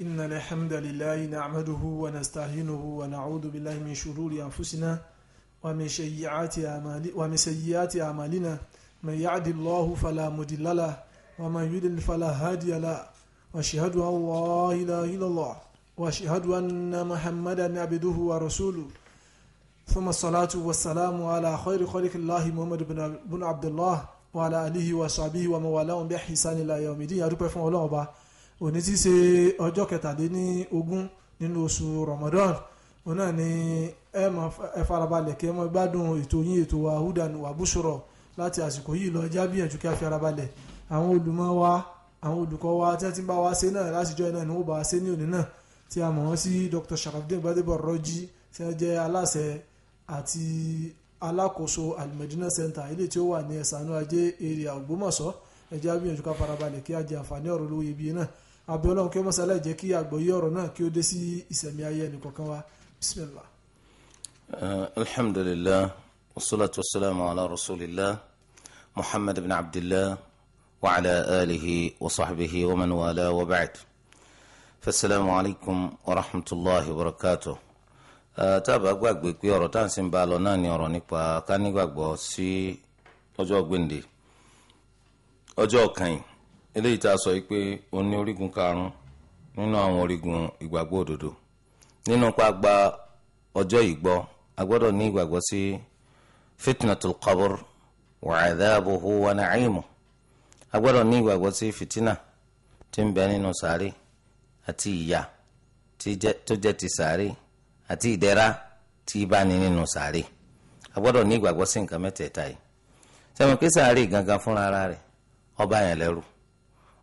إن الحمد لله نعمده ونستعينه ونعوذ بالله من شرور أنفسنا ومن سيئات أعمال ومن سيئات أعمالنا من يعد الله فلا مضل له ومن يضلل فلا هادي له وأشهد أن لا إله إلا الله وأشهد أن محمدا عبده ورسوله ثم الصلاة والسلام على خير خلق الله محمد بن عبد الله وعلى آله وصحبه ومن والاهم بإحسان إلى يوم الدين أدوبة فون الله òní ti ṣe ọjọ́ kẹtàdínlógún nínú oṣù Ramadan òun náà ni ẹ mọ ẹ farabalẹ̀ kí ẹ mọ gbádùn ètò yín ètò wa húdàní wà búṣọrọ láti àsìkò yìí lọ ẹjá gbìyànjú kí a fi ara balẹ̀ àwọn olùmọ̀ wa àwọn olùkọ́ wa tí wọ́n ti ń bá wa ṣe náà lásìjọ́ náà ni wọ́n bá wa ṣe ní òní náà tí a mọ̀ wọ́n sí Dr. Sharafdin Gbadebo Rọ́jí tí wọ́n jẹ́ aláṣẹ àti alákòóso Al-Medina Center ilé tí ó wà ní ẹ̀sánú ajé èrè Ògbómọ̀ṣọ́ ẹjá gbìyànjú ká farabalẹ̀ kí a jẹ àǹfààní ọ̀rọ̀ lówó iyebíye náà abiola kí ó mọ̀sálẹ̀ jẹ́ kí àgbọ́yé ọ̀rọ̀ náà kí ó dé sí ìsẹ̀mí ayé ẹnìkọ̀ọ̀kan wa bisimilah. Uh, alhamdulillah wasalaatu wasalaamu ala rasulillah muhammad bin abdillah wa ala alihi wa sahbihi wa man wala wa ba'd fasalaamu alaykum wa rahmatulahi wa barakatuh. Uh, tábà gbàgbé pé ọ̀rọ̀ tá ń sìn bá lọ náà ni ọ̀rọ̀ nípa ká nígbàgbọ́ sí ọjọ́ gbèǹde ọjọ́ kan yìí eléyìí tá a sọ yìí pé ó ní orígun karùn-ún nínú àwọn orígun ìgbàgbọ́ òdodo nínú gba ọjọ́ yìí gbọ́ a gbọ́dọ̀ ní ìgbàgbọ́ sí fitnatul qabr wa adhabuhu a gbọ́dọ̀ ní ìgbàgbọ́ sí fitina tí ń bẹ nínú sàárè àti ìyà tó jẹ́ ti sàárè àti ìdẹ̀ra tí bá ní nínú sàárè a gbọ́dọ̀ ní ìgbàgbọ́ sí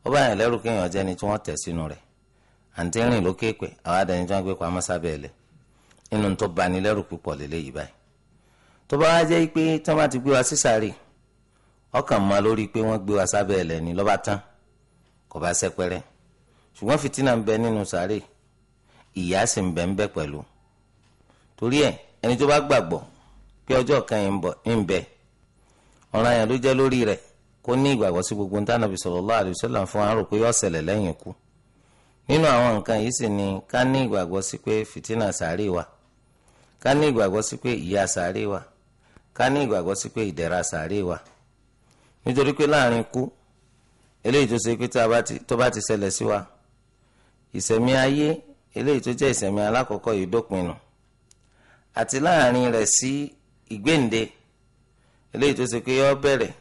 ọba bá yàn lẹ́rù kéèyàn ẹni tí wọ́n tẹ̀ sínú rẹ̀ àǹtí rìn lókè pé àwọn adẹni tí wọ́n gbé inú tó bani púpọ̀ púpọ̀ yìí báyìí tó bá jẹ́ pé tí ti gbé wa sísàárè ọkàn lórí pé wọ́n gbé wa ni lọ́ba tán kò bá ṣùgbọ́n ń nínú sàárè Ìyá kó ní ìgbàgbọ́ sí gbogbo nǹkan Ànábì sallallahu alaihi fún wa rò pé yóò ṣẹlẹ̀ lẹ́yìn ikú nínú àwọn nǹkan yìí sì ni ká ní ìgbàgbọ́ sí pé fìtínà sàárè wà ká ní ìgbàgbọ́ sí pé ìyà sàárè wà ká ní ìgbàgbọ́ sí pé ìdẹ̀ra sàárè wà nítorí pé láàrin ikú eléyìí tó ṣe pé tó bá ti ṣẹlẹ̀ sí wa ìṣẹ̀mí ayé eléyìí tó jẹ́ ìṣẹ̀mí alákọ̀ọ́kọ́ yìí dópin nù àti láàrin rẹ̀ sí ìgbéǹde eléyìí tó ṣe pé yó bẹ̀rẹ̀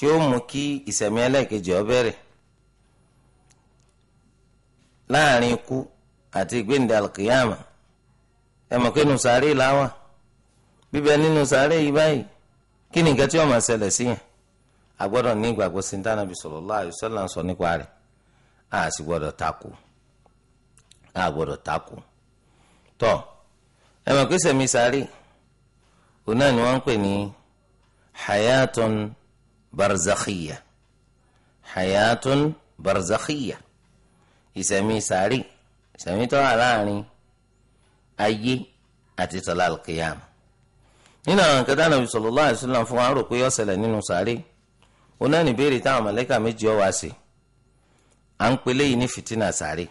tí ó mú kí ìsẹ̀mí ẹlẹ́ẹ̀kejì ọ bẹ̀rẹ̀ láàrin ikú àti ìgbéǹde alkiyama ẹ mọ̀ pé nùsàárè làwà bíbẹ nínú sàárè yìí báyìí kí ni nǹkan tí ó máa ṣẹlẹ̀ sí yẹn a gbọ́dọ̀ ní ìgbàgbọ́ sí dáná bí sallallahu alaihi sọ nípa rẹ̀ a sì gbọ́dọ̀ takò a gbọ́dọ̀ takò barzakhiyya hayatun barzakhiyya ìsẹ̀mí sàárì ìsẹ̀mí tó wà láàrin ayé àti tọ́lá alkiyama nínú àwọn nǹkan dáná sallallahu alaihi wasallam fún wa rò pé yóò ṣẹlẹ̀ nínú sàárì oná ní béèrè táwọn mọ̀lẹ́kà méjì ọ̀ wá sí à ń pelé yìí ní fìtínà sàárì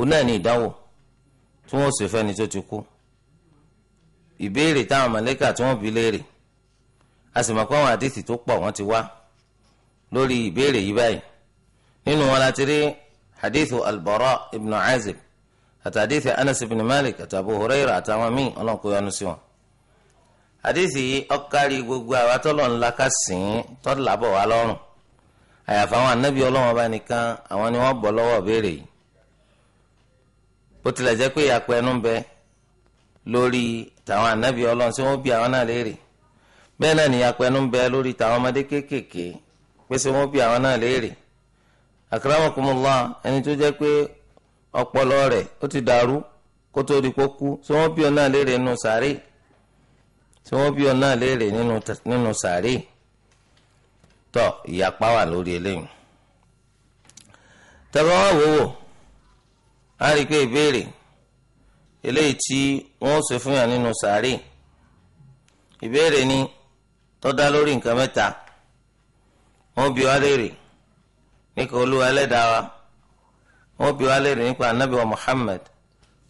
oná ní ìdánwò tí wọ́n sì fẹ́ni tó ti kú ìbéèrè táwọn mọ̀lẹ́kà tí wọ́n bi léèrè a sì mọ̀ pé àwọn àdìsí tó pọ̀ wọ́n ti wá lórí ìbéèrè yìí báyìí nínú wọn láti rí hadithu albara ibn azib àti hadithu anas ibn malik àti abu huraira àtàwọn míì ọlọ́nkó yọnu sí wọn. hadithu yìí ọ̀kárí gbogbo àwa tọ́lọ̀ ńlá ká sìn tọ́lá bọ̀ wá lọ́rùn àyàfà àwọn anábì ọlọ́wọ́n bá nìkan àwọn ni wọ́n bọ̀ lọ́wọ́ béèrè yìí bó tilẹ̀ jẹ́ pé ìyàpẹ́ ẹnu ń bẹ lórí tàwọn anábì ọlọ́run tí wọ́n bí àwọn náà léèrè bẹ́ẹ̀ náà a pẹ́ẹ́nu ń bẹ lórí tàwọn ọmọdé kéékèèké pèsè wọn bí àwọn náà léèrè akramakumullah ẹni tó jẹ́ pé ọpọlọ ó ti dàrú kó tó di kó kú bí ọ náà léèrè nínú sàárè tí wọ́n bí ọ náà léèrè nínú sàárè tọ ìyapa wà lórí eléyìí tẹ́lẹ̀ wọ́n wò wò á rí i pé ìbéèrè eléyìí tí ṣe fún yàn nínú ni. tó dá lórí nǹkan mẹ́ta wọ́n bi wá léèrè nípa olúwa ẹlẹ́dàá wa muhammad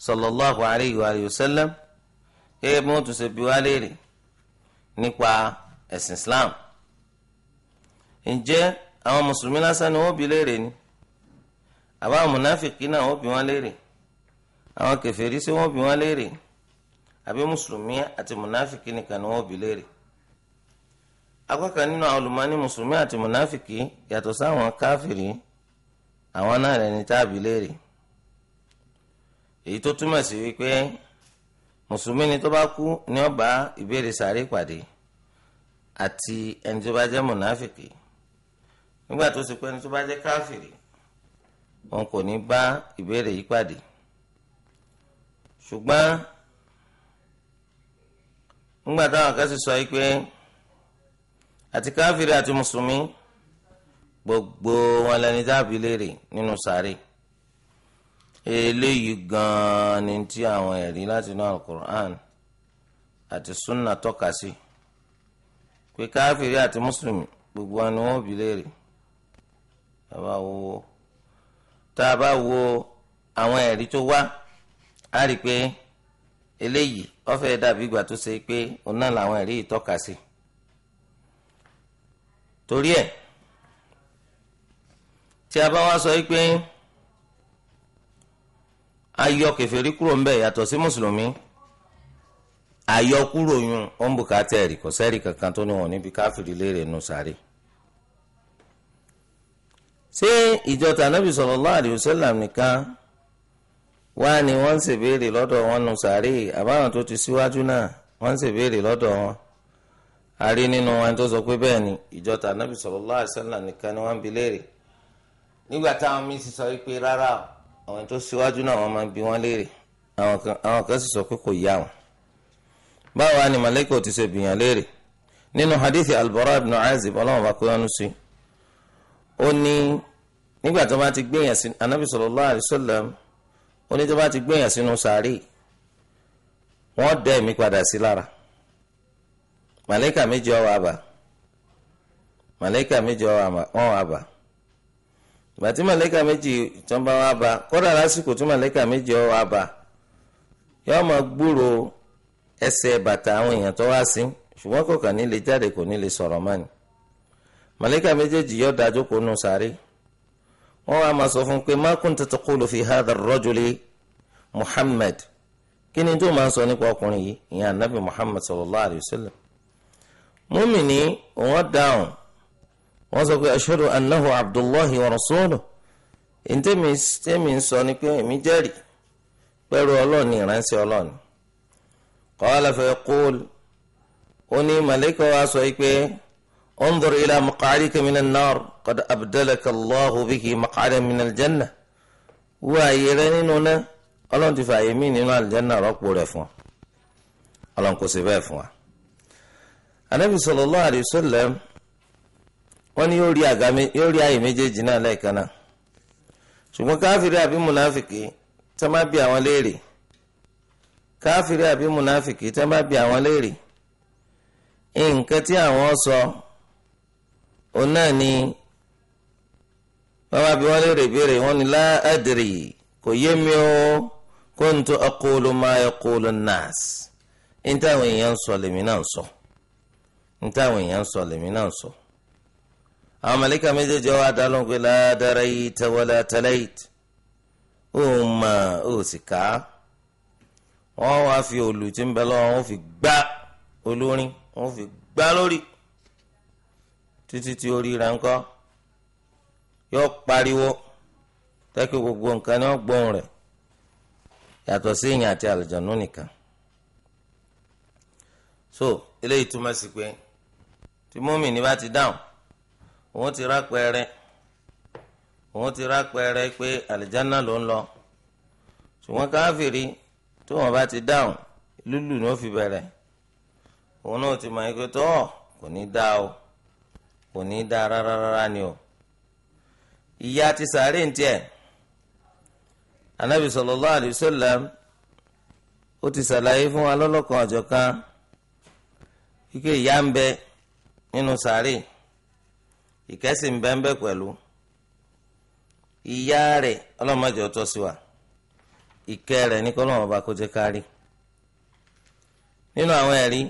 sallallahu alayhi wa sallam gẹ́gẹ́ bí wọ́n tún ṣe islam ǹjẹ́ àwọn mùsùlùmí lásán ni wọn bi léèrè ni àbá mùnáfìkì náà wọn bi wọn léèrè àwọn kèfèrí sí ni apá kan nínú àwọn olùmọ́ni mùsùlùmí àti mùnáfìkì yàtọ̀ sáwọn káfìrí àwọn náà rẹ̀ ní táàbì léèrè èyí tó túmọ̀ sí wípé mùsùlùmí ni tó bá kú ni ó bá ìbéèrè sàárè pàdé àti ẹni tó bá jẹ́ mùnáfìkì nígbà tó sì pé ẹni tó bá jẹ́ káfìrí wọn kò ní bá ìbéèrè yìí pàdé ṣùgbọ́n nígbà táwọn kan sì sọ yìí pé àti káfíìrì àti mùsùlùmí gbogbo wọn lẹni dábìí léèrè nínú sáré eléyìí gan-an ni ti àwọn ẹ̀rí láti inú alukur'an àti sunna tọ́ka sí pé káfíìrì àti mùsùlùmí gbogbo wọn ni wọn bi léèrè bàbá wo tá a bá wo àwọn ẹ̀rí tó wá a rí i pé eléyìí ó fẹ́ dàbí ìgbà tó ṣe pé òun náà làwọn ẹ̀rí yìí tọ́ka sí i torí ẹ̀ tí a bá wá sọ pé ayọ kèfèrí kúrò ńbẹ yàtọ̀ sí mùsùlùmí ayọ kúrò yun ó ń bùkátà ẹ̀rí kò sẹ́rí kankan tó ní wọn níbi káfíìrì léèrè nù sáré ṣé ìjọ tànàbì sallallahu alaihi wasallam nìkan wá ni wọ́n ń ṣèbéèrè lọ́dọ̀ wọn nù sáré àbáwọn tó ti síwájú náà wọ́n ń ṣèbéèrè lọ́dọ̀ wọn a rí nínú wọn tó sọ pé bẹ́ẹ̀ ni ìjọta anábì sallallahu alaihi wasallam nìkan ni wọ́n ń bi léèrè nígbà táwọn míì sì sọ pé rárá àwọn tó síwájú náà wọ́n máa ń bi wọ́n léèrè àwọn kan sì sọ pé kò yá wọn. báwo ni màlẹ́kọ̀ ti ṣe bìyàn léèrè nínú hadithi albara ibn azib ọlọ́run bá kó yánu sí ó ní nígbà tó bá ti gbéyàn sí anábì sallallahu alaihi ó ní tó bá ti gbéyàn sínú sàárè wọ́n dẹ́ mi padà sí lára màláìkà méjì ọwọ́ àbà màláìkà méjì ọwọ́ àbà gbàtí màláìkà méjì tó ń aba wá bá kódà lásìkò tí màláìkà méjì ọwọ́ àbà yóò ma gbúrò ẹsẹ̀ bàtà àwọn èèyàn tó wá sí ṣùgbọ́n kò kàn ní lè jáde kò ní lè sọ̀rọ̀ méjèèjì dájú nù sáré wá sọ fún pé fi hadha ar Muhammad kí ni tó anabi Muhammad sallallahu alayhi múmìnì wọ́n dáhùn wọ́n sọ pé ashhadu annahu abdullahi wa rasuluhu ìtẹ́mi tẹ́mi ń sọ ni pé èmi jẹ́rìí pẹ̀lú ọlọ́ọ̀ni ìránṣẹ́ ọlọ́ọ̀ni qala fa yaqul ó ní màlẹ́kọ̀ wa sọ pé unzur ila maq'adika minan nar qad abdalaka allahu bihi maq'adan minal janna wú ààyè rẹ nínú náà ọlọ́run ti fààyè mí nínú àlùjànnà rọ́pò rẹ̀ fún ọ ọlọ́run kò sí bẹ́ẹ̀ fún wa anabi sallallahu alayhi wa sallam wọ́n ní yóò rí àyè méjèèjì náà lẹ́ẹ̀kan náà ṣùgbọ́n káfíìrì àbí múnáfìkì tẹ́ má bí àwọn léèrè káfíìrì àbí múnáfìkì tẹ́ má bí àwọn léèrè nǹkan tí àwọn sọ òun náà ni wọ́n wá bí wọ́n léèrè béèrè wọ́n ní láàdìrì kò yé mi o kuntu aqulu ma yaqulu an-nas ní èèyàn sọ lèmi náà sọ. So. n táwọn èèyàn sọ lèmi náà sọ àwọn méjèèjì wa dá pé ládàrá yìí tẹwọlá tẹlẹyìt ó mà ó sì ká wọn wá fi òòlù tí ń bẹ fi gbá olórin wọn fi gbá lórí títí tí orí rẹ̀ yóò pariwo tẹ́kí gbogbo nǹkan ni gbóhùn rẹ̀ yàtọ̀ sí ìyìn àti nìkan so eléyìí túmọ̀ sí pé. tí mùmíní bá ti dáhùn òun ti rà pẹrẹ òun ti rà pẹrẹ pé àlìjáná ló ń lọ ṣùgbọ́n káfìrí tí wọ́n bá ti dáhùn lúlù ni ó fi bẹ̀rẹ̀ òun náà ti mọ̀ ike tó ọ̀ kò ní dá o kò ní dá rárá rárá ni o ìyá ti sàárè ń tiẹ̀ anabi sallallahu alayhi sallam ó ti ṣàlàyé fún wa lọ́lọ́kan ọ̀jọ̀kan ike ìyá ń bẹ nínú sàárè ìkẹ́sì ń bẹ́ẹ̀ bẹ́ẹ̀ pẹ̀lú ìyá rẹ̀ ọlọ́mọdé ọ̀tọ̀ sí wa ìkẹ́ rẹ̀ ní kọ́lọ́mọ bá kó jẹ́ kárí nínú àwọn ẹ̀rí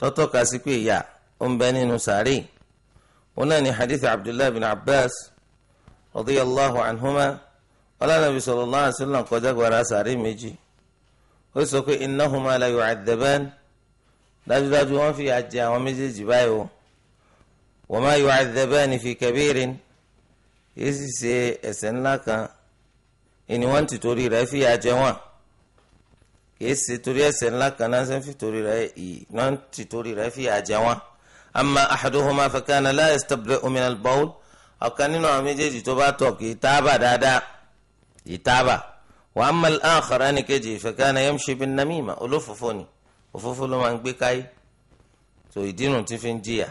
tọ́tọ́ka sí pé ìyá ó ń bẹ nínú sàárè òun náà ní hadith abdullahi bin abbas radiyallahu anhuma ọlọ́nàbí sallallahu alaihi wasallam kọjá gbàrà sàárè méjì ó sọ pé innahuma la yu'adhaban dájúdájú wọ́n fi àjẹ àwọn méjèèjì báyìí o wa ma yu'adhabani fi kabirin yìí sì ṣe ẹ̀ṣẹ̀ ńlá kan ìní wọ́n ti torí rẹ̀ fi àjẹ wọn kìí ṣe torí ẹ̀ṣẹ̀ ńlá kan náà ṣe torí rẹ̀ náà ti torí rẹ̀ fi àjẹ wọn. amma ahaduhuma fakana la yastabri'u min al-bawl ọ̀kan nínú àwọn méjèèjì tó bá tọ̀ kìí tábà dáadáa ìtábà wa amma al-akhar fakana yamshi bin namima olófòfò ni òfófó ló máa ń gbé káyé tó ìdínú tí fi ń jìyà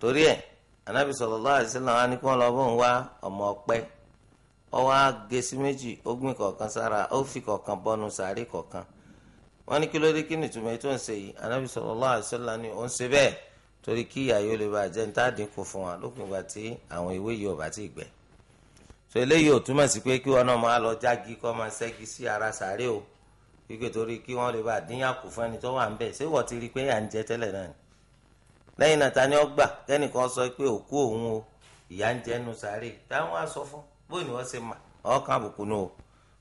torí ẹ̀ anabi sallallahu alaihi wasallam á ní kí wọn lọ bóun wá ọmọ ọ̀pẹ ọwọ á gé sí méjì ó gbìn kọ̀ọ̀kan sára ó fi kọ̀ọ̀kan bọnu sàárè kọ̀ọ̀kan wọn ní kí ló dé kí ni ìtumọ̀ ètò ń ṣe yìí anabi sallallahu alaihi wasallam ni ó ń ṣe bẹ́ẹ̀ torí kí ìyá yóò lè bàjẹ́ ní tàdínkù fún wa lópin ìgbà tí àwọn ewé yìí ò bá ti gbẹ so eléyìí ò túmọ̀ sí pé kí wọn náà máa lọ jági kọ́ máa ṣẹ́gi sí ara sàárè o wípé torí kí wọ́n lè bá àdínyà kù fún ẹni tó wà ń bẹ̀ ṣé wọ́n ti rí i pé à ń jẹ tẹ́lẹ̀ náà ni lẹ́yìn náà ta ni ó gbà kẹ́nìkan sọ pé òkú òun o ìyá ń jẹnu sáré táwọn á sọ fún bóyá ni wọ́n ṣe mà ọkàn àbùkù nù o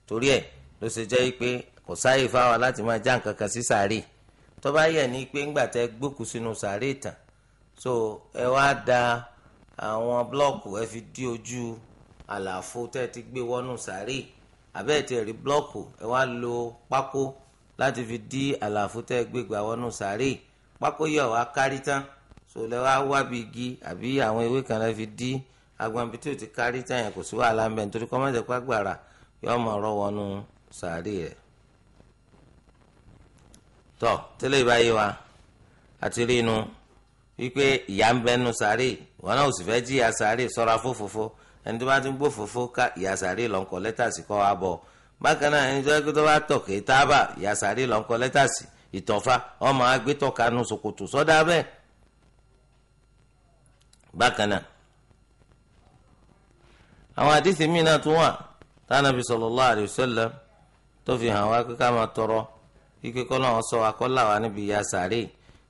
torí ẹ̀ ló ṣe jẹ́ pé kò sáàyè fáwọn láti máa já nǹkan kan sí sáré tó bá yẹ ni pé ńgbà tẹ gbókù sínú sáré tán so ẹ wá da àwọn blọọkù ẹ fi dí ojú àlàfo tẹ ti gbé wọnú sáré àbẹ́ ẹ̀ tiẹ̀ rí blọ́ọ̀kù ẹ wá lo pákó láti fi dí àlàfo tẹ́ gbégbá wọnú sàárè pákó yọ̀ wá kárí tán sòlẹ̀ wá wábi igi àbí àwọn ewé kan láti fi dí agbọ̀nbi tí o ti kárí tán yẹn kò sí wàhálà ń nítorí kọ́ mọ́tẹ́ pàgbàrà yọ̀ mọ̀ ọ̀rọ̀ wọnú sàárè rẹ̀. tọ́ tẹ́lẹ̀ ìbáyé wa àti rí inú wípé ìyá ń bẹ́nu sàárè wọn náà ò sì fẹ́ jíyà sàárè sọ́ra fófófó ẹni tó bá ti ń gbó fòfó ká ìyàsáré lọ́nkọ lẹ́tàsì kọ́ wa bọ̀ bákan náà ẹni tó yẹ kó tó bá tọ̀ kéé tábà ìyàsáré lọ́nkọ lẹ́tàsì ìtọ̀fà ọmọ agbétọ̀ kanu ṣòkòtò sọ́dá bẹ́ẹ̀. bákan náà àwọn àdìsí míì náà tún wà tánàbí sallallahu alaihi wasallam tó fi hàn wá pé máa tọrọ kíkẹ́ kọ́ náà sọ akọ́là wa níbi ìyàsáré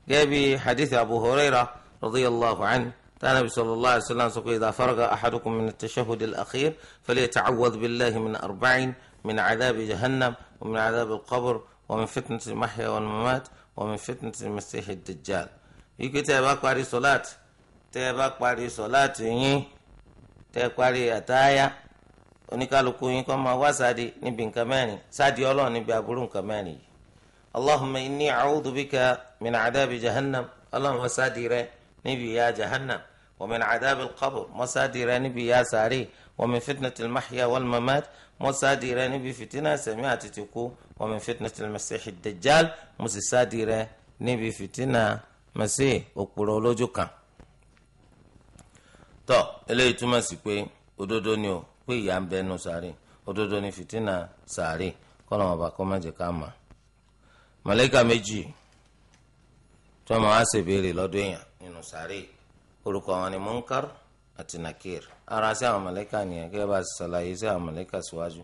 gẹ́gẹ́ bí hadith Abu Hurairah radiyallahu anhu tánàbí sallallahu alaihi wasallam sọ pé idha faraga ahadukum min at-tashahhud al-akhir falyata'awwadh billahi min arba'in min adhabi jahannam wa min adhabi al-qabr wa min fitnati al-mahya wal-mamat wa min fitnati al-masih ad-dajjal. wípé tẹ́ ẹ bá parí sọ́láàtì tẹ́ ẹ bá parí sọ́láàtì yín tẹ́ ẹ parí àtáyà oníkálukú yín kọ́ máa wá sáde níbi nǹkan mẹ́rin sáde ọlọ́run níbi aburú nǹkan mẹ́rin yìí. allahumma inni a'udhu bika min adhabi jahannam ọlọ́run wá sáde rẹ̀ níbi ìyà jahannam wa min adhabil qabr mọ́sáàdì rẹ níbi ìyà sàárè wa min fitnatil mahya wal mamat mọ́sáàdì rẹ níbi fìtínà sẹ̀mí àti tìkú wa min fitnatil masihid dajjal mọ́sáàdì rẹ níbi fìtínà masih òpùrọ̀ olójú kan. tọ́ eléyìí túmọ̀ sí pé òdodo ni o pé ìyà ń bẹnu sàárè òdodo ni fìtínà sàárè kọ́nà ọ̀bà kọ́ má jẹ́ ká mà. màlẹ́kà méjì tí wọn máa ṣe béèrè lọ́dọ̀ èèyàn nínú sàárè orúkọ àwọn ni munkar àti nakir ara sí àwọn mọlẹka nìyẹn kí ẹ bá ṣàlàyé sí àwọn mọlẹka síwájú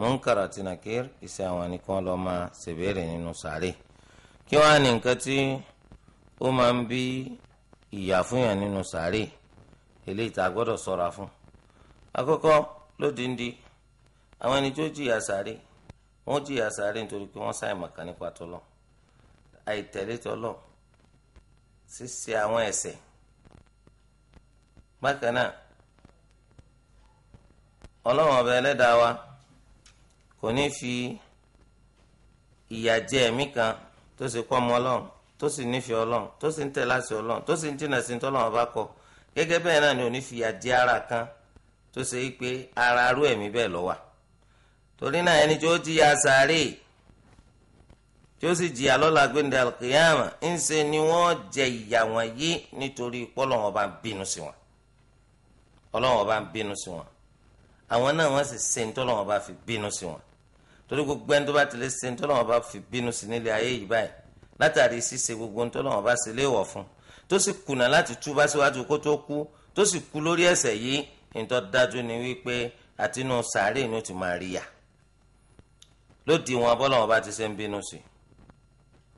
munkar àti nakir iṣẹ́ àwọn ni kí wọn lọ máa ṣe béèrè nínú sàárè kí wọn á ní nǹkan tí ó máa ń bí ìyà nínú eléyìí ṣíṣe àwọn ẹ̀ṣẹ̀ bákan náà ọlọ́run ọba ẹlẹ́dàá wa kò ní fi ìyà jẹ ẹ̀mí kan tó ṣe kọ́ ọmọ ọlọ́run tó sì nífẹ̀ẹ́ ọlọ́run tó sì ń tẹ̀ láti ọlọ́run tó sì ń jìnnà sí tọ́lọ́run ọba kọ gẹ́gẹ́ bẹ́ẹ̀ náà ni ò ní fi ìyà ara kan tó ṣe pé ara arú ẹ̀mí bẹ́ẹ̀ ló torí náà ẹni tó jíya sáré tí ó sì jìyà lọ́la gbẹ̀ndẹ̀ alkiyama ńṣe ni wọ́n jẹ ìyà wọn yìí nítorí pọ́lọ́wọ́n bá ń bínú sí wọn ọlọ́wọ́n bá ń bínú sí wọn àwọn náà wọ́n sì ṣe ní bá fi bínú sí wọn torí gbogbo ẹni tó bá tilẹ̀ ṣe ní bá fi bínú sí nílé ayé yìí báyìí látàrí ṣíṣe gbogbo ní tọ́lọ́wọ́n bá ṣe léèwọ̀ fún tó sì kùnà láti túbá síwájú kó tó kú tó sì kú lórí ẹ̀ṣẹ̀ yìí nítọ́ dájú ni wípé àtinú sàárè ni ó ti máa rí yà bọ́lọ́wọ́n bá ti ṣe ń bínú sí i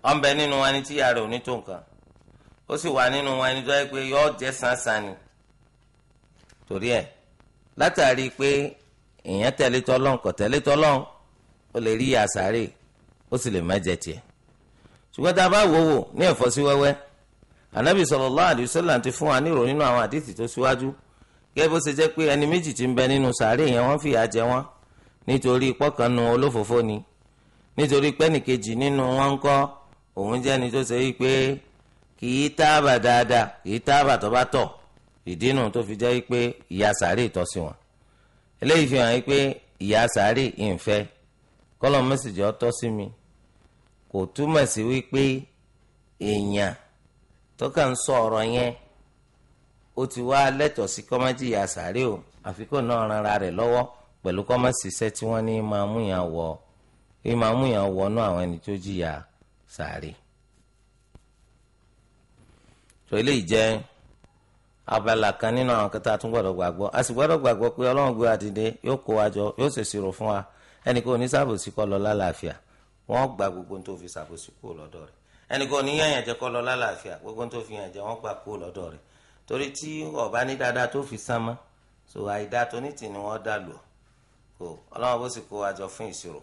ó ń bẹ nínú wa ní tíyà rẹ̀ ò ní tó nǹkan ó sì wà nínú wa ní tó yẹ pé yọ jẹ́ sánsan ni torí ẹ̀ látàrí pé èèyàn tẹ̀lé tọ́lọ́n kò tẹ̀lé tọ́lọ́n ó lè rí àsáré ó sì lè má jẹ tiẹ̀ ṣùgbọ́n tá a bá wò wò ní ẹ̀fọ́ sí wẹ́wẹ́ ànábì sallallahu alaihi wasallam ti fún wa nírò nínú àwọn àdìsí tó síwájú gẹ́gẹ́ bó ṣe jẹ́ pé ẹni méjì ti ń bẹ nínú sàárè yẹn wọ́n fìyà jẹ wọ́n nítorí pọ́kànnù olófòfó ni nítorí pẹ́nìkejì nínú wọn ń kọ́ òun jẹ́ ni tó ṣe yí pé kì í tábà dáadáa kì í tábà tó bá tọ̀ ìdínú tó fi jẹ́ yí pé ìyà sàárè tọ́ sí wọn eléyìí fi hàn yí pé ìyà sàárè ìǹfẹ́ kọ́lọ̀ mẹ́sìgì ọ̀tọ́ sí mi kò túmọ̀ sí wípé èèyàn tó kà ń sọ ọ̀rọ̀ yẹn ó ti wá lẹ́tọ̀ọ́ sí kọ́mẹ́tì ìyà sàárè o àfikún náà ran ara rẹ̀ lọ́wọ́ pẹ̀lú kọ́mẹ́sì iṣẹ́ tí wọ́n ní máa mú yàn wọ̀ máa mú yàn àwọn ẹni tó jìyà sàárè tó eléyìí jẹ́ abala kan nínú àwọn kẹta tún gbọ́dọ̀ gbàgbọ́ a sì gbọ́dọ̀ gbàgbọ́ pé Ọlọ́run gbé adìde yóò kó wa jọ yóò ṣèṣirò fún wa ẹnì kò ní ṣàbòsí kọ lọ lálàáfíà wọ́n gba gbogbo tó fi ṣàbòsí kó lọ́dọ̀ rẹ̀ ẹnì kò ní yẹn jẹ kọ lọ lálàáfíà gbogbo tó fi yẹn jẹ wọ́n gbà kó lọ́dọ̀ rẹ̀ torí tí ọba ní dáadáa tó fi sánmọ́ so àìdá tonítì ni wọ́n dà lù kó Ọlọ́run bó sì kó wa jọ fún ìṣirò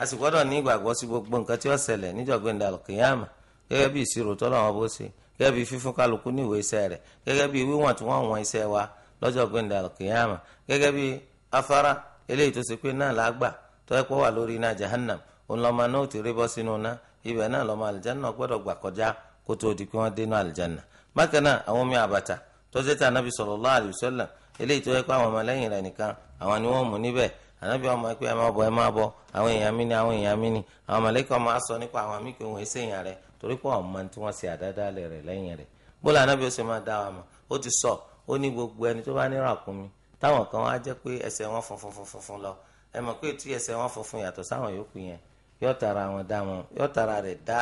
a sì gbọ́dọ̀ ní ìgbàgbọ́ sí gbogbo nǹkan tí ó ṣẹlẹ̀ níjọ̀gbìn dàlùkìyàmà gẹ́gẹ́ bí ìṣirò tọ́lọ̀ wọn bó ṣe gẹ́gẹ́ bí fífún kálukú ní ìwé iṣẹ́ rẹ̀ gẹ́gẹ́ bí wíwọ̀n tí wọ́n wọ̀n iṣẹ́ wa lọ́jọ̀gbìn dàlùkìyàmà gẹ́gẹ́ bí afárá eléyìí tó ṣe pé náà lágbà tó ẹ pọ̀ wà lórí iná jahannam òun lọ́mọ náà ti rí bọ́ sínú iná ibẹ̀ náà lọ́mọ àlìjáná gbọ́dọ̀ gbà kọjá kó tó di pé wọ́n dénú àlìjáná bákan náà àwọn omi àbàtà tó ṣe tà nábì sallallahu alaihi ni wọ́n mú níbẹ̀ ànábì ọmọ ẹ pé ẹ máa bọ ẹ máa bọ àwọn èèyàn mi ni àwọn èèyàn mi ni àwọn mọ̀lẹ́kọ̀ máa sọ nípa àwọn àmì pé wọ́n ṣe èèyàn rẹ torí pé àwọn ọmọ tí wọ́n ṣe àdádálẹ̀ rẹ̀ lẹ́yìn rẹ̀ bóla ànábì ó máa dá wa mọ̀ ó ti sọ ó ní gbogbo ẹni tó bá ní ràkúnmí táwọn kan wá jẹ́ pé ẹsẹ̀ wọn funfun funfun lọ ẹ mọ̀ pé tí ẹsẹ̀ wọn funfun yàtọ̀ sáwọn yòókù yẹn yóò tara dá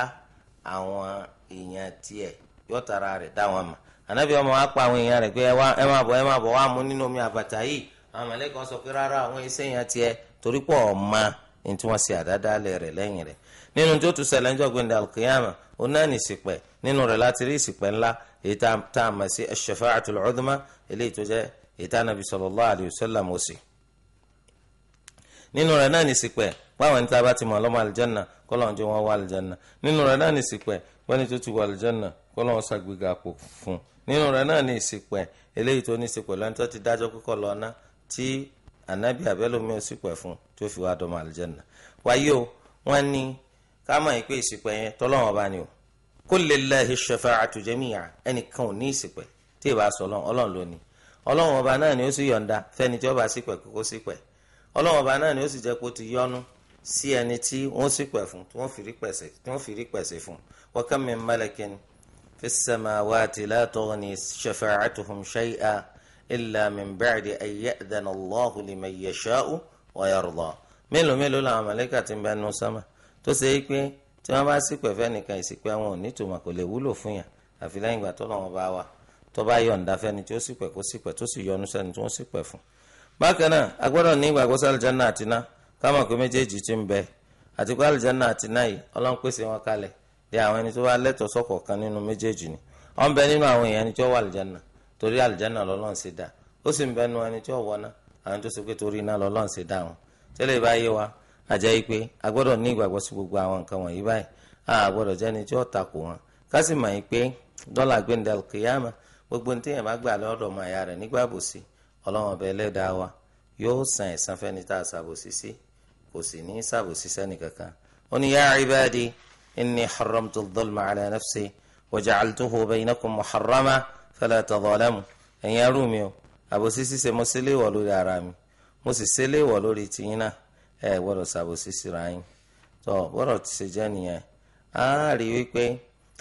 àwọn èèyàn tiẹ̀ yóò tara dá wọn mọ̀ ànábì ọmọ wa pa àwọn èèyàn rẹ̀ pé ẹ máa bọ̀ ẹ máa bọ̀ wá mú nínú omi àbàtà yìí àwọn mọ̀lẹ́kà sọ pé rárá àwọn iṣẹ́ yẹn tiẹ̀ torí pọ̀ ọ̀ma ní tí wọ́n ṣe àdádálẹ̀ rẹ̀ lẹ́yìn rẹ̀ nínú tó tún ṣẹlẹ̀ níjọ́ gbẹ̀ndẹ̀ alkiyama ó náà ní ìsìpẹ̀ nínú rẹ̀ láti rí ìsìpẹ̀ ńlá èyí tá a mọ̀ sí ash-shafa'atul 'udhma eléyìí tó jẹ́ èyí tá nàbí sallallahu alayhi wa sallam ó nínú rẹ̀ náà ní ìsìpẹ̀ báwọn ní tá ti mọ̀ lọ́mọ àlìjánná kọ́lọ́n jẹ́ wọn wá àlìjánná nínú rẹ̀ náà ní ìsìpẹ̀ wọ́n ní tó ti wọ àlìjánná kọ́lọ́n ṣàgbéga àpò fún nínú rẹ̀ náà ní ìsìpẹ̀ eléyìí tó ní ìsìpẹ̀ lọ́nà tó ti dájọ́ kíkọ́ lọ́nà tí anabi abẹ́lómi ò sì pẹ̀ fún tí ó fi wá dọ́mọ àlùjẹ́nà wáyé o wọ́n ní ká mọ̀ ìpè ìsìnkú ẹ̀yẹn tọ́lọ́wọ́n bá ní o kul lillahi shafa'atu jami'a ẹnìkan ò ní ìsìnkú tí ìbá sọ ọlọ́run ọlọ́run ló ní ọlọ́run ọba náà ni ó sì yọ̀ǹda fẹ́ni tí ó bá sípẹ̀ kókó sípẹ̀ ọlọ́run ọba náà ni ó sì jẹ́ kó ti yọ́nú sí ẹni tí wọ́n sípẹ̀ fún tí wọ́n fi rí pẹ̀sẹ̀ fún wa kam min malakin fis samawati la tughni shafa'atuhum shay'a إلا من بعد أن يأذن الله لمن يشاء ويرضى mélòó mélòó làwọn mọ̀lẹ́kà ti tí wọ́n bá ṣìpẹ̀ fẹ́nìkan ìṣìpẹ̀ wọn ò nítumọ̀ kò lè wúlò fún yàn àfi lẹ́yìn ìgbà tó lọ́wọ́ bá wa tó bá yọ̀ǹda fẹ́ni tí ó kó tó sì yọnu tí fún. bákan náà a ní ìgbàgbọ́ sí káwọn méjèèjì ti ń bẹ àti pé yìí ọlọ́run pèsè wọn kalẹ̀ àwọn ẹni tó bá ni wọ́n bẹ nínú àwọn èèyàn torí àlùjáná lọ́lọ́run ṣe dá ó sì ń bẹnu ẹni tí ó wọná àwọn tó ṣe pé torí iná lọ́lọ́run ṣe dá wọn tẹ́lẹ̀ bá yé wa àjẹ́ yìí pé a gbọ́dọ̀ ní ìgbàgbọ́ sí gbogbo àwọn nǹkan wọ̀nyí báyìí a gbọ́dọ̀ jẹ́ ẹni tí ó takò wọn ká sì mọ̀ yín pé dọ́là gbẹ̀ndẹ̀ kìyàmà gbogbo ní téèyàn bá gbà lọ́dọ̀ ọmọ ìyá rẹ̀ nígbà bòsí ọlọ́run fala tazalamu ẹ̀yin arú mi o àbòsí ṣíṣe mo ṣe léèwọ̀ lórí ara mi mo sì ṣe lori lórí tìyín náà ẹ gbọ́dọ̀ ṣàbòsí síra yín tó gbọ́dọ̀ ti ṣe jẹ́ nìyẹn rí wípé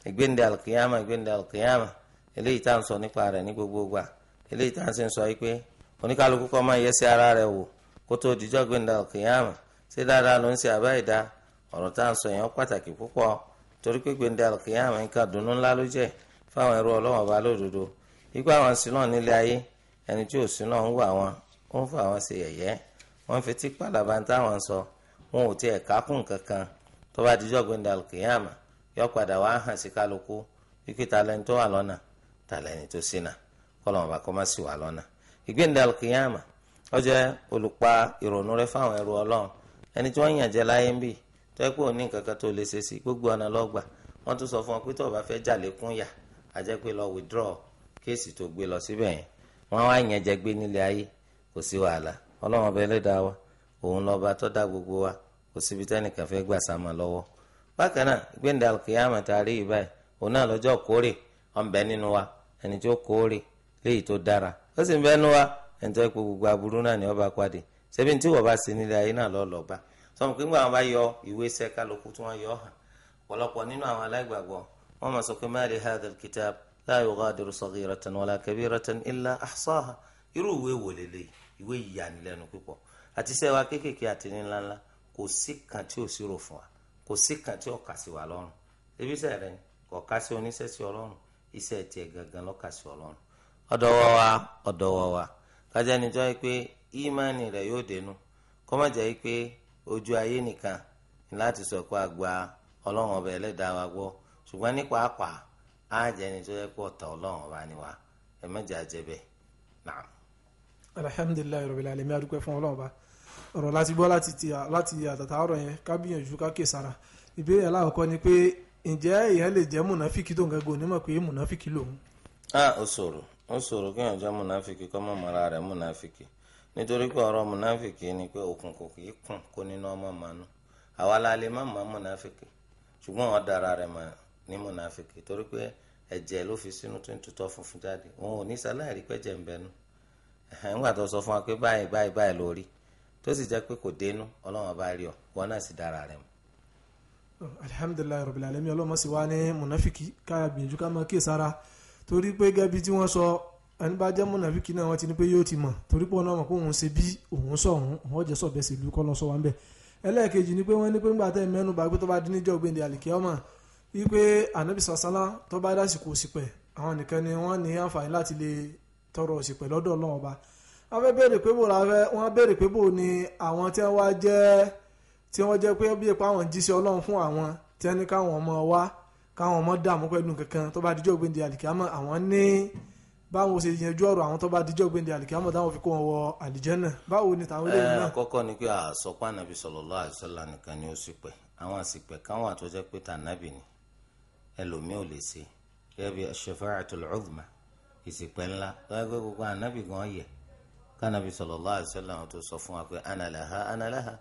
ìgbéǹde alkiyama ìgbéǹde alkiyama eléyìí tá à ń sọ nípa ní gbogbo eléyìí tá à ń ń sọ wípé oníkálukú ara wò kó tó dijọ́ gbéǹde ṣé dáadáa ló ń ṣe àbá fáwọn ẹrú ọlọ́wọ́n ọba lódodo ikú àwọn náà nílé ayé ẹni tí ò sílọ̀n ń wà wọn ó ń fọ àwọn ṣe yẹ̀yẹ́ wọ́n fi tí pàlàbà ń táwọn sọ wọn ò tiẹ̀ kákùn kankan tó bá dijọ́ gbẹ̀ndà kìyàmà yọ padà wá hàn sí kálukú tó wà lọ́nà tó bá kọ́ má wà lọ́nà ìgbẹ̀ndà ó jẹ́ olùpa ìrònú rẹ fáwọn ẹrú ọlọ́run ẹni tí wọ́n yàn láyé ń bì tó yẹ pé òní nǹkan gbogbo ọ̀nà lọ́gbà wọ́n sọ fún ọ pé tó o bá fẹ́ jà ajẹ́ pé lọ withdraw kéèsì tó gbé lọ síbẹ̀ yẹn wọ́n wá yẹn jẹ gbé nílé ayé kò sí wàhálà ọlọ́run ọba ẹlẹ́dàá wa òun lọ́ba tó dá gbogbo wa kò síbi tẹ́nìkan fẹ́ gbà sáma lọ́wọ́ bákan náà gbẹ̀ndà kìyàmà tá rí yìí báyìí òun náà lọ́jọ́ kórè ọ̀nbẹ nínú wa ẹni tó kórè léyìí tó dára ó sì ń bẹ nínú wa ẹni tó pé gbogbo aburú náà ni ọba padì ṣebí tí wọ́n bá sí nílé ayé náà lọ́ọ́ lọ́ba sọmọ pé ńgbà wọn bá yọ ìwé iṣẹ́ kálukú tí wọ́n yọ hàn ọ̀pọ̀lọpọ̀ nínú àwọn aláìgbàgbọ́ wọ́n máa sọ pé ma li hadha al-kitab la yughadiru saghiratan wala kabiratan illa ahsaha irú ìwé wò lélẹ̀ ìwé ìyànilẹ́nu púpọ̀ àti sẹ́wà kéékèèké àti nílanlá kò sí kan tí ò sírò fún wa kò sí kan tí ò kà sí wa lọ́rùn ebi sẹ́ rẹ̀ kò ká sí oníṣẹ́ sí ọlọ́run iṣẹ́ tiẹ̀ gangan ló kà sí ọlọ́run ọ̀dọ̀wọ́ wa ọ̀dọ̀wọ́ wa kájà níjọ́ yìí pé ìmánì rẹ̀ yóò dénú kọ́mọ̀jẹ́ yìí pé ojú ayé nìkan láti sọ pé àgbà ọlọ́run ọba ẹlẹ́dàá wa gbọ́ ṣùgbọ́n ní pàápàá á jẹni tó yẹ kó ọ̀tá ọlọ́run ọba ni wa ẹ mẹ́jọ àjẹbẹ̀ náà. alihamdulilayi rabbil alamin adúpẹ́ ba ọlọ́run ọba ọ̀rọ̀ láti gbọ́ láti àtàtà ọ̀rọ̀ yẹn ká gbìyànjú ká késàrà ìbéèrè alákọ̀ọ́kọ́ ni pé ǹjẹ́ èèyàn lè jẹ́ mùnàfíkì tó ń gàgò onímọ̀ pé mùnàfíkì lòun. a ó ṣòro ó ṣòro kí èèyàn jẹ́ mùnàfíkì kọ́ mọ́ mọ́ra rẹ̀ mùnàfíkì nítorí pé ọ̀rọ̀ mùnàfíkì ni pé òkùnkùn kì í kùn kó nínú ọmọ mànú àwa la lè má mọ́ mùnàfíkì ṣùgbọ́n ọ̀ rẹ̀ mọ́ ní mùnàfíkì torí pé ẹ̀jẹ̀ ló fi sínú tó ń tutọ́ funfun jáde òun ò ní sáláàrí pẹ́jẹ̀ ń bẹnu nígbà tó sọ fún wa pé báyìí báyìí báyìí lórí tó sì jẹ́ pé kò dénú ọlọ́run bá rí ọ wọn náà sì dára rẹ̀ mu. alhamdulilayi rabbil alamin ọlọ́mọ sì wá ní mùnàfíkì káyà gbìyànjú ká máa kíyèsára torí pé gẹ́bí tí wọ́n sọ ẹni bá jẹ́ mùnàfíkì náà wọ́n ti ní pé yóò ti mọ̀ torí pé ọ̀nà ọmọ pé òun ṣe bí òun sọ òun òun ni pé wọ́n ní pé ńgbà tẹ́ mẹ́nu bá wípé ànábì sàṣálá tó bá dásìkò òsìpẹ̀ àwọn nìkan ni wọ́n ní àǹfààní láti lè tọrọ òsìpẹ̀ lọ́dọ̀ ọlọ́run ọba wọ́n fẹ́ béèrè pé bò láfẹ́ wọ́n béèrè pé bò ni àwọn tí wọ́n jẹ́ tí wọ́n jẹ́ pé bí ipa àwọn jíṣẹ́ ọlọ́run fún àwọn tí wọ́n ní káwọn ọmọ wá káwọn ọmọ dààmú pẹ̀lú kankan tó bá dijọ́ gbéǹde àlìkámọ̀ àwọn ní báwo ṣe yanjú ọ̀rọ̀ àwọn tó bá dijọ́ gbéǹde àlìkámọ̀ táwọn fi kó wọn wọ àlìjẹ́nà báwo ni tàwọn eléyìí náà. àkọ́kọ́ ni pé àsọpá nàbì sallallahu alaihi wasallam nìkan ni ó sì pẹ̀ àwọn àsìpẹ̀ kan wà pé tànàbì ni ẹlòmíì ò lè ṣe gẹ́gẹ́ bí ash-shafa'atul 'uzma ìsìpẹ́ ńlá gbẹ́gbẹ́ gbogbo ànábì gan yẹ kánábì sallallahu alaihi wasallam tó sọ fún wa pé ana laha ana laha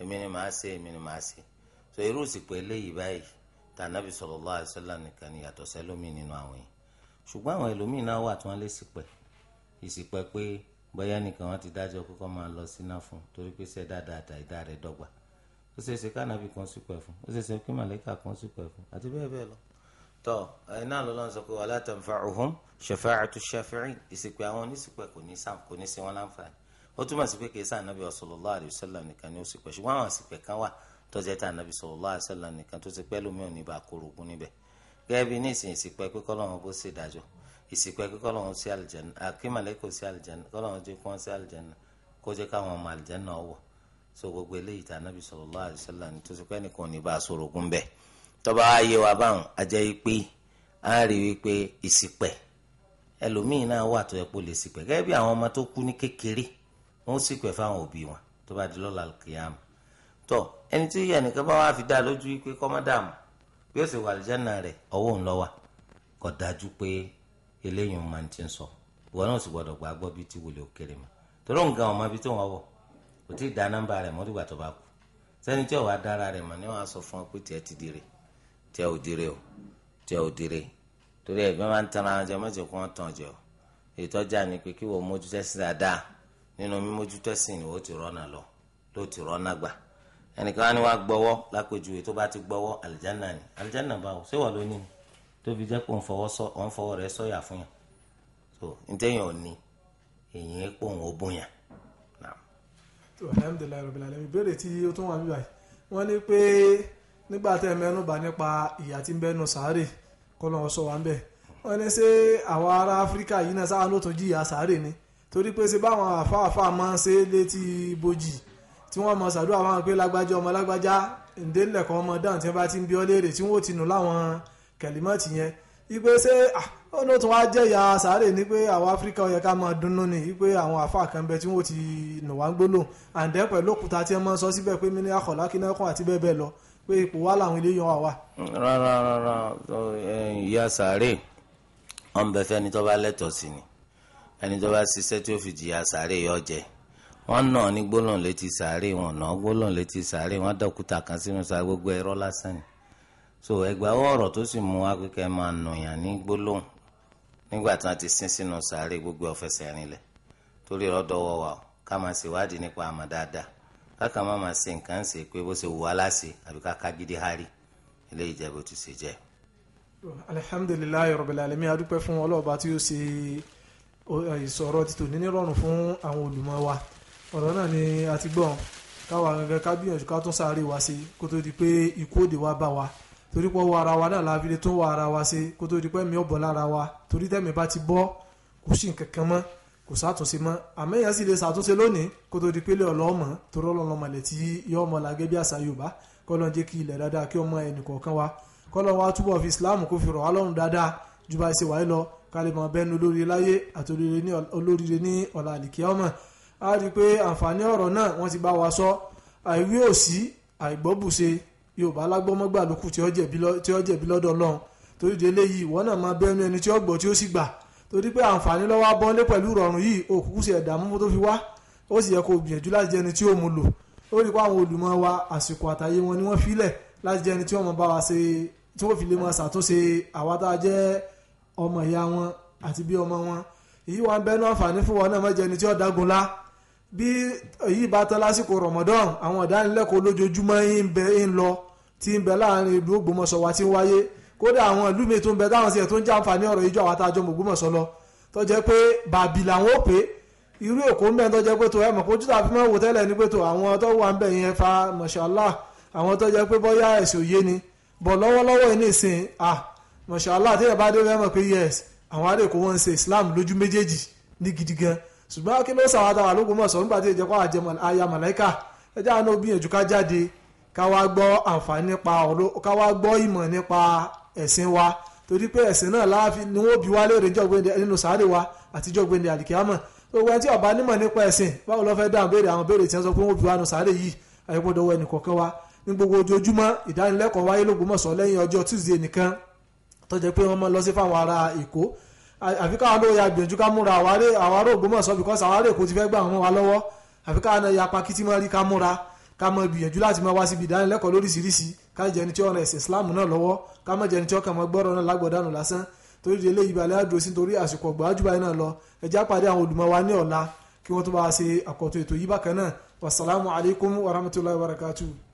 èmi ni màá ṣe èmi ni màá ṣe tó irú ìsìpẹ́ eléyìí báyìí tànábì sallallahu alaihi wasallam nìkan ni yàtọ̀ sẹ́lómi nínú àwọn yìí ṣùgbọ́n àwọn ẹlòmíì náà wà tí wọ́n lè sìpẹ́ ìsìpẹ́ pé bóyá nìkan wọn ti dájọ́ pé kó máa lọ síná fún torí pé ṣe dáadáa ìdá rẹ̀ dọ́gba ó ṣeé ṣe kánábì kan sípẹ́ fún ó ṣeé ṣe kí màlẹ́kà kan sípẹ́ fún àti bẹ́ẹ̀ bẹ́ẹ̀ lọ tọ́ ẹ̀yin náà lọ́lọ́run sọ pé wala tanfa'uhum shafa'atu shafi'in ìsìnkú àwọn oníṣìpẹ̀ kò ní sàn kò ní sí wọn láǹfààní ó túmọ̀ sí pé kìí sàn nàbí sallallahu alayhi wa sallam nìkan ni ó sì pẹ̀ ṣùgbọ́n àwọn àsìpẹ̀ kan wà tó jẹ́ tà nàbí sallallahu alayhi wa sallam nìkan tó ti pẹ́ lómi ò ní bá kóró ogun níbẹ̀ gẹ́gẹ́ bí ní ìsìn ìsìpẹ́ pé kọ́lọ́run bó ṣe dájọ́ ìsìpẹ́ pé kọ́lọ́run tọ́ba ayé wa báwọn ajẹ́ pé a rí wípé ìṣìpẹ̀ ẹlòmíì náà wà tó yẹ kó lè ṣìpẹ̀ gẹ́gẹ́ bí àwọn ọmọ tó kú ní kékeré wọ́n ṣìpẹ̀ fáwọn òbí wọn tó bá di lọ́la kìyàmù tọ́ ẹni tí ẹnìkan bá wà fi dá lójú wípé kọ́mọ́dàmù bí ó sì wà lìjánà rẹ̀ ọwọ́ ń lọ́wà kò dájú pé eléyìí máa ń ti ń sọ ìwọ náà sì gbọdọ̀ gbàgbọ́ bíi ti wòlé òkèrè mọ́ torí òun gan ọmọ bíi tó wọn wọ̀ kò tí ì dá nọ́mbà rẹ̀ mọ́ dìgbà tó bá kú sẹ́ni tí ò wá dára rẹ̀ mọ́ ni wọ́n á sọ fún ọ pé tiẹ̀ ti di rèé tí a ò dire o tí a ò dire torí ẹ̀ bí wọ́n máa ń tan ara jẹ kó wọ́n tàn jẹ o ni pé kí wọ́n mójútó sí dáadáa nínú mímójútó sí ni wọ́n ti rọ́nà lọ ló ti rọ́nà gbà ẹnìkan wá ní wá gbọ́wọ́ lápèjúwe tó bá ti gbọ́wọ́ àlìjánà ni àlìjánà báwo ṣé wà lónìí ni tóbi jẹ́ pé òun fọwọ́ rẹ̀ sọ̀yà fún yàn so ntẹ́yìn ò ní èyí pò ń bùn yàn. alhamdulilayi rabil alamin ìbéèrè tí ó tún wà níbàyí wọ́n ní pé nígbà tẹ́ mẹ́nu bà nípa ìyà tí ń bẹ́nu sàárè kọ́lọ́ ọ̀ṣọ́ wa ń bẹ̀ wọ́n ní ṣé àwọn ará áfíríkà yìí náà sáà ló tún jìyà sàárè ni torí pé ṣe báwọn àfáàfá máa ń ṣe létí bojì tí wọ́n mọ sàdúrà wọn pé lágbájá ọmọ lágbájá ǹdẹ́lẹ̀kọ́ ọmọ dáhùn tí wọ́n bá ti ń bí ọ léèrè tí wọ́n ti nù láwọn kẹ̀límọ́ọ̀tì yẹn ipe ṣé ọ̀nà tó wá jẹ̀yà sàárè ni pé àwọn áfíríkà ó ká máa dunnú ni ipe àwọn àfa kan bẹ tí wọ́n ti nù wá gbólóhùn àǹdẹ́ pẹ̀lú òkúta tí wọ́n máa sọ síbẹ̀ pé mi ní akọ̀lákínẹ́kùn àti bẹ́ẹ̀ bẹ́ẹ̀ lọ pé ipò wá làwọn ilé yan wà. rárá rárá ìyá sàárè wọn bẹ fẹni tó bá lẹ́tọ̀ọ́ sí ni ẹni tó bá ṣiṣẹ́ tí ó fi jìyà sàárè yọ jẹ wọn náà ní gbólóhùn létí sàárè wọn náà gbólóhùn létí sàárè wọn dọkúta kan sínú sàárè gbogbo ẹ̀rọ lásán ni so ẹgbàáwọ ọ̀rọ̀ tó sì mú wa pé máa nùyàn ní gbólóhùn nígbà tí wọn ti sin sínú sáré gbogbo ọfẹsẹ rinlẹ̀ torí ọdọwọ wa ká máa ṣèwádìí nípa àmọ́ dáadáa káka má máa ṣe nǹkan ṣe pé bó ṣe wù wá láṣẹ àbí káka gidi hárí eléyìí jẹ́ bó ti ṣe jẹ́. alihamdulilayi rabbil alamin adúpẹ́ fún ọlọ́ọ̀bá tí ó ṣe ìsọ̀rọ̀ títò ní nírọ̀rùn fún àwọn olùmọ̀ wa ọ̀rọ̀ náà ni a ti gbọ́n káwa gẹ́gẹ́ ká gbìyànjú ká tún sáré wa ṣe kó tó di pé ikú òde wa bá wa torí pé ọwọ́ ara wa náà la fi lè tún wọ ara wa ṣe kó tó di pé mi ò bọ̀ lára wa torí tẹ́mi bá ti bọ́ kò sí mọ́ kò sàtúnṣe mọ́ àmẹ́yàn sì lè sàtúnṣe lónìí kó tó di pélé ọlọ́mọ torọ́ lọ́lọ́mọlẹ̀ tí yọ ọmọ làgẹ́ bí àṣà yorùbá kọ́lọ́n jẹ́ kí ilẹ̀ dáadáa kí ọmọ ẹnì kọ̀ọ̀kan wa kọ́lọ́n wa túbọ̀ fi islam kó fi rọ̀ wá lọ́rùn dáadáa ju bá ṣe wáyé lọ kálímọ̀ bẹ́nu olóríire láyé àti olóríire ní ọ̀la àlìkíá ọmọ a rí i pé àǹfààní ọ̀rọ̀ náà wọ́n ti bá wa sọ àìwí òsì àìgbọ́bùṣe yorùbá lágbọ́mọ́gbà lókù tí ó jẹ̀bi lọ́dọ̀ ọlọ́run torí délé yìí ìwọ náà máa bẹ́nu ẹni tí ó tí ó sì gbà torí pé àǹfààní lọ́wọ́ abọ́lé pẹ̀lú ìrọ̀rùn yìí òkùnkùn sì ẹ̀dá mú tó fi wá ó sì yẹ kó gbìyànjú láti jẹ́ ẹni tí ó mu lò ó rí i pé àwọn olùmọ̀ wa àsìkò àtàyè wọn ni wọ́n filẹ̀ láti jẹ́ ẹni tí wọ́n mọ̀ bá wa ṣe tí wọ́n fi lè mọ̀ ṣàtúnṣe àwa tá a jẹ́ ọmọ ìyá wọn àti bí ọmọ wọn èyí wọn bẹ́ẹ̀ náà fàní fún wọn náà mọ̀ jẹ́ ẹni tí ó dágun lá bí èyí bá tán lásìkò Ramadan àwọn ìdánilẹ́kọ̀ọ́ lójoojúmọ́ ń lọ tí ń bẹ láàrin ìlú Ògbómọ̀ṣọ́ wa ti ń wáyé kódà àwọn ìlú mi tó ń bẹ táwọn sì ẹ̀ tó ń jẹ́ àǹfààní ọ̀rọ̀ ìjọ àwọn atájọ́ mọ̀gbọ́mọ̀sọ lọ tó jẹ́ pé bàbí làwọn ò pé irú èkó ń bẹ tó jẹ́ pé tó ẹ̀ mọ̀ kó tàbí mọ̀ wò tẹ́lẹ̀ ní pé tó àwọn tó wà ń bẹ yẹn fa mọ̀ṣálá àwọn tó pé bọ́yá ẹ̀sìn òye ni bọ̀ lọ́wọ́lọ́wọ́ yìí nìsín ah mọ̀ṣálá téèyàn bá dé ẹ̀ pé yes àwọn àdèkò wọn ṣe Islam lójú méjèèjì ní gidi gan ṣùgbọ́n kí ló sàwádà wà lóko mọ̀sán nígbà tí ìjẹ́pọ̀ àjẹ aya màláìka ẹjẹ́ àánú gbìyànjú ká jáde ká wá gbọ́ ẹ̀sìn wa torí pé ẹ̀sìn náà láàfin ni wọ́n bí wá léèrè jọ́gbẹ́ndé nínú sáré wa àti jọ́gbẹ́ndé àlìkíámọ̀ gbogbo ẹni tí ọba nímọ̀ nípa ẹ̀sìn báwo ló fẹ́ dáhùn béèrè àwọn béèrè tí wọ́n sọ pé wọ́n bí wá nù sáré yìí àyẹ̀gbọ́dọ̀ wọ ẹnì kọ̀ọ̀kan wa ní gbogbo ojoojúmọ́ ìdánilẹ́kọ̀ọ́ wáyé lógbómọ̀ṣọ́ lẹ́yìn ọjọ́ Tuesday nìkan tó jẹ́ pé wọ́n máa lọ sí fáwọn ará Èkó àfi káwọn ló ya gbìyànjú ká múra àwárẹ̀ àwárẹ̀ Ògbómọ̀ṣọ́ because àwárẹ̀ Èkó ti fẹ́ gbà wọn wá lọ́wọ́ àfi káwọn ya pakiti mọ́ rí ká múra ká mọ gbìyànjú láti máa wá síbi ìdánilẹ́kọ̀ọ́ lóríṣiríṣi ká jẹ́ ẹni tí ó ran ẹ̀sìn islam náà lọ́wọ́ ká má jẹ́ ẹni tí ó kàn mọ́ gbọ́rọ̀ náà lágbọ̀dánù lásán torí di eléyìí balẹ̀ àdúró sí torí àsìkò ọgbà àjùbá yìí náà lọ ẹ já àwọn olùmọ̀ wa ní ọ̀la kí wọ́n tó bá ṣe àkọ́tọ̀ ètò yìí bákan náà wasalaamu alaykum wa rahmatulahi wa barakatuh.